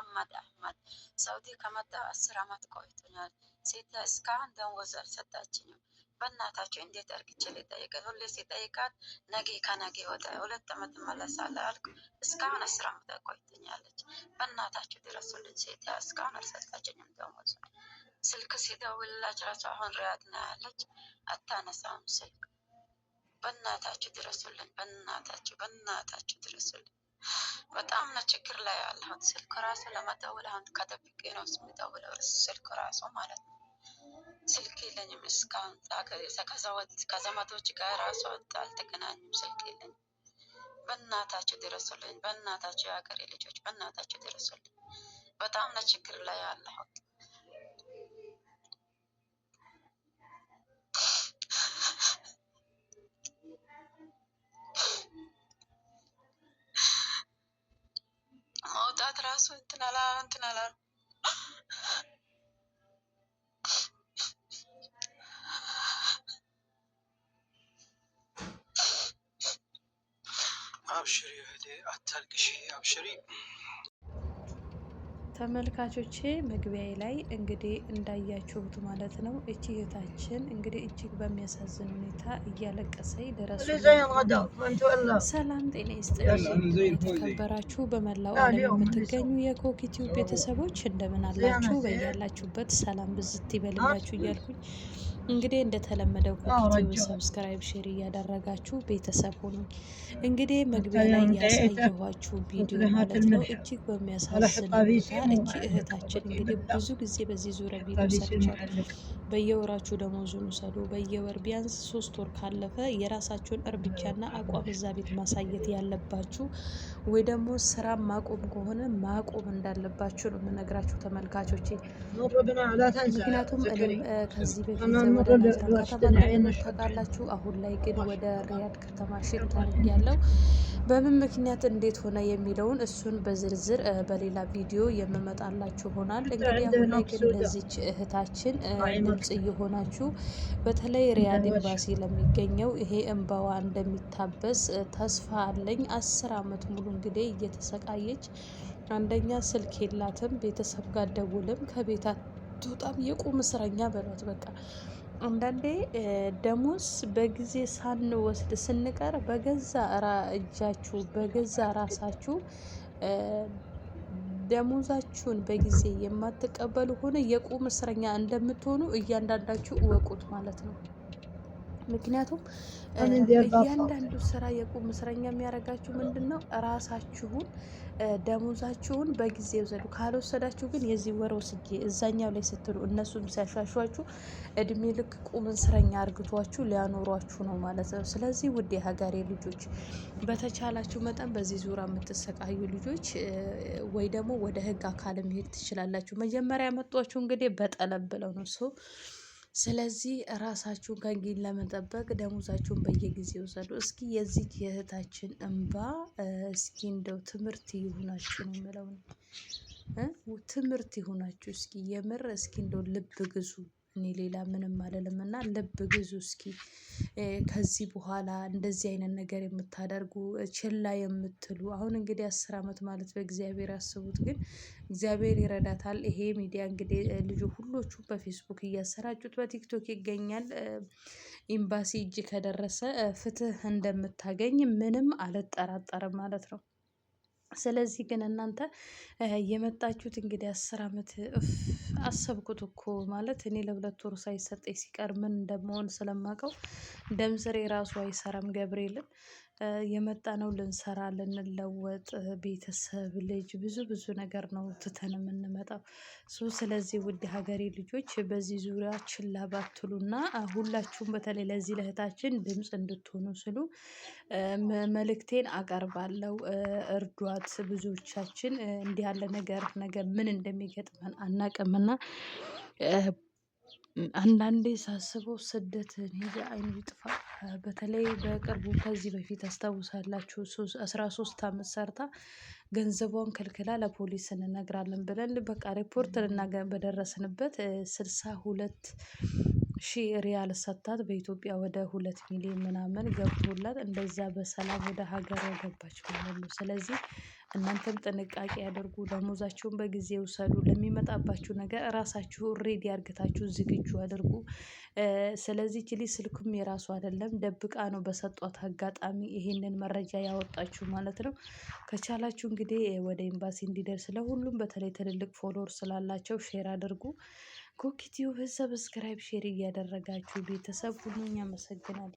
መሐመድ አህመድ ሳውዲ ከመጣ አስር ዓመት ቆይቶኛል። ሴት እስካሁን ደሞዝ አልሰጣችኝም። በእናታቸው እንዴት እርግቼ ልጠይቃት? ሁሌ ሲጠይቃት ነገ ከነገ ወዲያ ሁለት ዓመት እመለሳለሁ አልኩ። እስካሁን አስር ዓመት ቆይቶኛለች። በእናታቸው ድረሱልኝ። ሴት እስካሁን አልሰጣችኝም ደሞዝ። ስልክ ሲደውልላች ራሱ አሁን ሪያድ ነው ያለች፣ አታነሳም ስልክ። በእናታቸው ድረሱልኝ፣ በእናታቸው በእናታቸው ድረሱልኝ። በጣም ነው ችግር ላይ ያለሁት። ስልክ ራሱ ለመደወል አሁን ከደብቄ ነው የምደውለው፣ ስልክ ራሱ ማለት ነው። ስልክ የለኝም እስካሁን ከዘመዶች ጋር ራሱ አልተገናኝም። ስልክ የለኝም። በእናታቸው ድረሱልኝ፣ በእናታቸው የሀገሬ ልጆች፣ በእናታቸው ድረሱልኝ። በጣም ነው ችግር ላይ ያለሁት። ራሱ እንትን አላ እንትን አላ አብሽሪ እህቴ አታልቅሽ፣ አብሽሪ ተመልካቾቼ መግቢያዬ ላይ እንግዲህ እንዳያችሁት ማለት ነው እቺ እህታችን እንግዲህ እጅግ በሚያሳዝን ሁኔታ እያለቀሰኝ ደረሱ። ሰላም ጤና ይስጥልኝ። የተከበራችሁ በመላው ዓለም የምትገኙ የኮክቲው ቤተሰቦች እንደምን አላችሁ? በያላችሁበት ሰላም ብዝት ይበልላችሁ እያልኩኝ እንግዲህ እንደተለመደው ኮክቲው ሰብስክራይብ፣ ሼር እያደረጋችሁ ቤተሰብ ሆኑ። እንግዲህ መግቢያ ላይ ያሳየኋችሁ ቪዲዮ ማለት ነው እጅግ በሚያሳዝን ሁኔታ እንጂ እህታችን። እንግዲህ ብዙ ጊዜ በዚህ ዙሪያ ቪዲዮ ሰርቻለሁ። በየወራችሁ ደሞዙን ውሰዱ። በየወር ቢያንስ ሶስት ወር ካለፈ የራሳችሁን እርምጃና አቋም እዛ ቤት ማሳየት ያለባችሁ ወይ ደግሞ ስራ ማቆም ከሆነ ማቆም እንዳለባችሁ ነው የምነግራችሁ ተመልካቾቼ። ምክንያቱም እኔም ከዚህ በፊት ታውቃላችሁ። አሁን ላይ ግን ወደ ሪያድ ከተማ ሽፍት ያለው በምን ምክንያት እንዴት ሆነ የሚለውን እሱን በዝርዝር በሌላ ቪዲዮ የምን የምንመጣላችሁ ሆናል። እንግዲህ አሁን ላይ ግን ለዚች እህታችን ድምጽ እየሆናችሁ በተለይ ሪያድ ኤምባሲ ለሚገኘው ይሄ እንባዋ እንደሚታበስ ተስፋ አለኝ። አስር አመት ሙሉ እንግዲህ እየተሰቃየች አንደኛ ስልክ የላትም፣ ቤተሰብ ጋር ደውልም፣ ከቤት አትወጣም። የቁም እስረኛ በሏት በቃ አንዳንዴ ደሞዝ በጊዜ ሳንወስድ ስንቀር በገዛ እጃችሁ በገዛ ራሳችሁ ደሞዛችሁን በጊዜ የማትቀበሉ ሆነ የቁም እስረኛ እንደምትሆኑ እያንዳንዳችሁ እወቁት ማለት ነው። ምክንያቱም እያንዳንዱ ስራ የቁም እስረኛ የሚያደርጋችሁ ምንድን ነው? ራሳችሁን ደሞዛችሁን በጊዜ ውሰዱ። ካልወሰዳችሁ ግን የዚህ ወር ወስጄ እዛኛው ላይ ስትሉ እነሱም ሲያሻሿችሁ እድሜ ልክ ቁም እስረኛ አርግቷችሁ ሊያኖሯችሁ ነው ማለት ነው። ስለዚህ ውድ የሀገሬ ልጆች በተቻላችሁ መጠን በዚህ ዙሪያ የምትሰቃዩ ልጆች ወይ ደግሞ ወደ ህግ አካል መሄድ ትችላላችሁ። መጀመሪያ ያመጧችሁ እንግዲህ በጠለብ ብለው ነው ሰው ስለዚህ ራሳችሁን ከንግድ ለመጠበቅ ደሞዛችሁን በየጊዜው ውሰዱ። እስኪ የዚህ የእህታችን እንባ እስኪ እንደው ትምህርት ይሁናችሁ ነው የምለው። ትምህርት ይሁናችሁ። እስኪ የምር እስኪ እንደው ልብ ግዙ። እኔ ሌላ ምንም አልልም እና ልብ ግዙ እስኪ። ከዚህ በኋላ እንደዚህ አይነት ነገር የምታደርጉ ችላ የምትሉ አሁን እንግዲህ አስር አመት ማለት በእግዚአብሔር ያስቡት ግን እግዚአብሔር ይረዳታል። ይሄ ሚዲያ እንግዲህ ልጁ ሁሎቹም በፌስቡክ እያሰራጩት በቲክቶክ ይገኛል። ኤምባሲ እጅ ከደረሰ ፍትህ እንደምታገኝ ምንም አልጠራጠርም ማለት ነው ስለዚህ ግን እናንተ የመጣችሁት እንግዲህ አስር ዓመት አሰብኩት እኮ ማለት እኔ ለሁለት ወር ሳይሰጠኝ ሲቀር ምን እንደመሆን ስለማውቀው ደምስሬ ራሱ አይሰራም ገብርኤልን የመጣ ነው ልንሰራ ልንለወጥ ቤተሰብ ልጅ ብዙ ብዙ ነገር ነው ትተን የምንመጣው። ሶ ስለዚህ ውድ ሀገሬ ልጆች በዚህ ዙሪያ ችላ ባትሉና ሁላችሁም በተለይ ለዚህ ለእህታችን ድምጽ እንድትሆኑ ስሉ መልእክቴን አቀርባለሁ። እርዷት ብዙዎቻችን እንዲህ ያለ ነገር ነገ ምን እንደሚገጥመን አናቅምና አንዳንዴ ሳስበው ስደት እኔ አይኑ በተለይ በቅርቡ ከዚህ በፊት አስታውሳላችሁ አስራ ሶስት አመት ሰርታ ገንዘቧን ከልክላ ለፖሊስ እንነግራለን ብለን በቃ ሪፖርት ልናገር በደረስንበት ስልሳ ሁለት ሺህ ሪያል ሰታት በኢትዮጵያ ወደ ሁለት ሚሊዮን ምናምን ገብቶላት እንደዛ በሰላም ወደ ሀገር ገባች ማለት ነው። ስለዚህ እናንተም ጥንቃቄ ያደርጉ። ደሞዛችሁን በጊዜ ውሰዱ። ለሚመጣባችሁ ነገር ራሳችሁ ሬዲ አርግታችሁ ዝግጁ አድርጉ። ስለዚህ ችሊ ስልኩም የራሱ አይደለም ደብቃ ነው በሰጧት አጋጣሚ ይሄንን መረጃ ያወጣችሁ ማለት ነው። ከቻላችሁ እንግዲህ ወደ ኤምባሲ እንዲደርስ ለሁሉም በተለይ ትልልቅ ፎሎወር ስላላቸው ሼር አድርጉ። ኮክ ሰብስክራይብ ሼር እያደረጋችሁ ቤተሰብ ሁሉ አመሰግናለሁ።